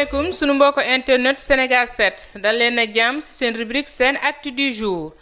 asalaamaaleykum sunu mbokku internet Sénégal 7 dal leen ak jàmm seen rubrique seen actu du jour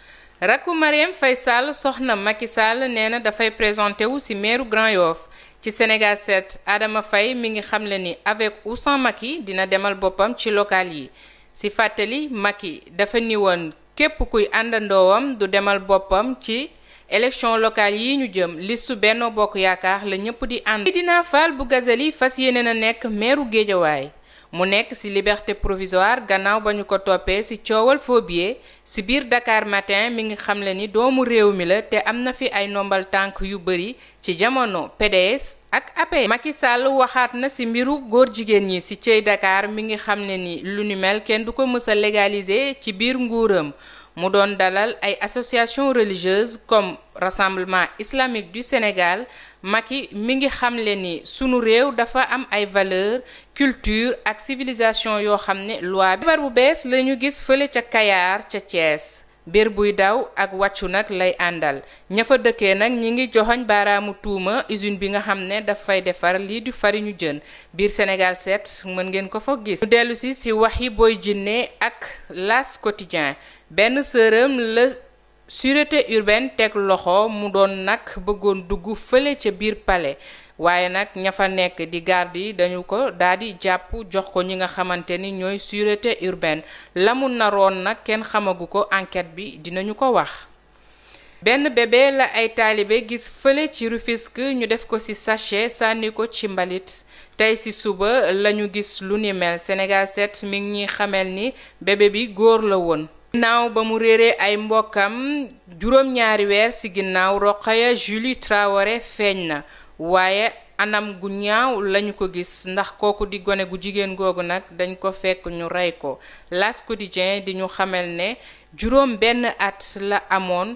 rakku Marième Faye Sall soxna Macky Sall nee na dafay présenté wu ci meeru Grand Yoff ci Sénégal 7 Adama Faye mi ngi xamle ni avec ou sans Macky dina demal boppam ci local yi ci fàttali Macky dafa ni woon képp kuy àndandoowam du demal boppam ci. élection locale yi ñu jëm listu Benno Bokk Yaakaar la ñëpp di ànd. Dinaa Fall bu Gazali fas yéene na nekk meeru Géejawaay mu nekk ci liberté provisoire gannaaw ba ñu ko toppee ci coowal phobie ci biir Dakar matin mi ngi xamle ni doomu réew mi la te am na fi ay ndombal tànk yu bari ci jamono PDS ak AP e. Macky waxaat na ci mbiru góor jigéen ñi ci cëy Dakar mi ngi xam ne ni lu ni mel kenn du ko mës a légaliser ci biir nguuram mu doon dalal ay associations religieuses comme rassemblement islamique du Sénégal Macky mi ngi xamle ni sunu réew dafa am ay valeurs culture ak civilisation yoo xam ne loi bi. xibaar bu bees la ñu gis fële ca Kayar ca Thiès. biir buy daw ak wàccu nag lay àndal ña fa dëkkee nag ñi ngi joxoñ baaraamu tuuma usine bi nga xam ne daf fay defar lii di farine jën biir Sénégal seet mën ngeen ko fa gis. mu dellu si wax yi booy jinne ak las quotidien benn sërëm la. sûreté urbaine teg loxo mu doon nag bëggoon dugg fële ca biir palais waaye nag ña fa nekk di garde yi dañu ko daldi jàpp jox ko ñi nga xamante ni ñooy sûreté urbaine la naroon nag kenn xamagu ko enquête bi dinañu ko wax. benn bébé la ay taalibe gis fële ci Rufisque ñu def ko ci sachet sànni ko ci mbalit tey ci suba lañu gis lu ni mel Sénégal set mi ngi ñuy xamel ni bébé bi góor la woon. ginnaaw ba mu réeree ay mbokkam juróom-ñaari weer ci ginnaaw Rokhaya Julie Traoré feeñ na waaye anam gu ñaaw lañu ko gis ndax kooku di gone gu jigéen googu nag dañ ko fekk ñu rey ko L'As Quotidien di ñu xamal ne juróom benn at la amoon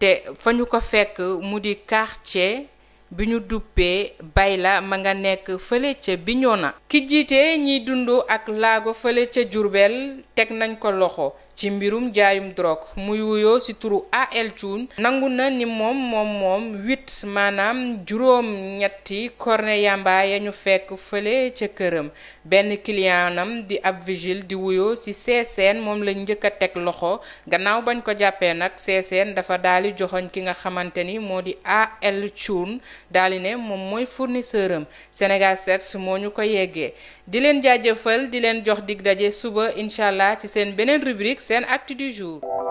te fa ñu ko fekk mu di quartier bi ñu duppee la ma nga nekk fële ca Bignona ki jiite ñiy dund ak laago fële ca Jurbel teg nañ ko loxo ci mbirum jaayum drogue muy wuyoo ci turu AL Thioune nangu na ni moom moom moom huit maanaam juróom ñetti korne yamba ya ñu fekk fële ca këram benn clientam di ab vigile di wuyoo ci CCN moom lañ njëkk a teg loxo gannaaw bañ ko jàppee nag CCN dafa daali joxoñ ki nga xamante ni moo di AL Thioune daali ne moom mooy fournisseur am Sénégal 7 moo ñu ko yeggee di leen jaajëfal di leen jox dig daje suba incha allah ci seen beneen rubrique seen actu du jour.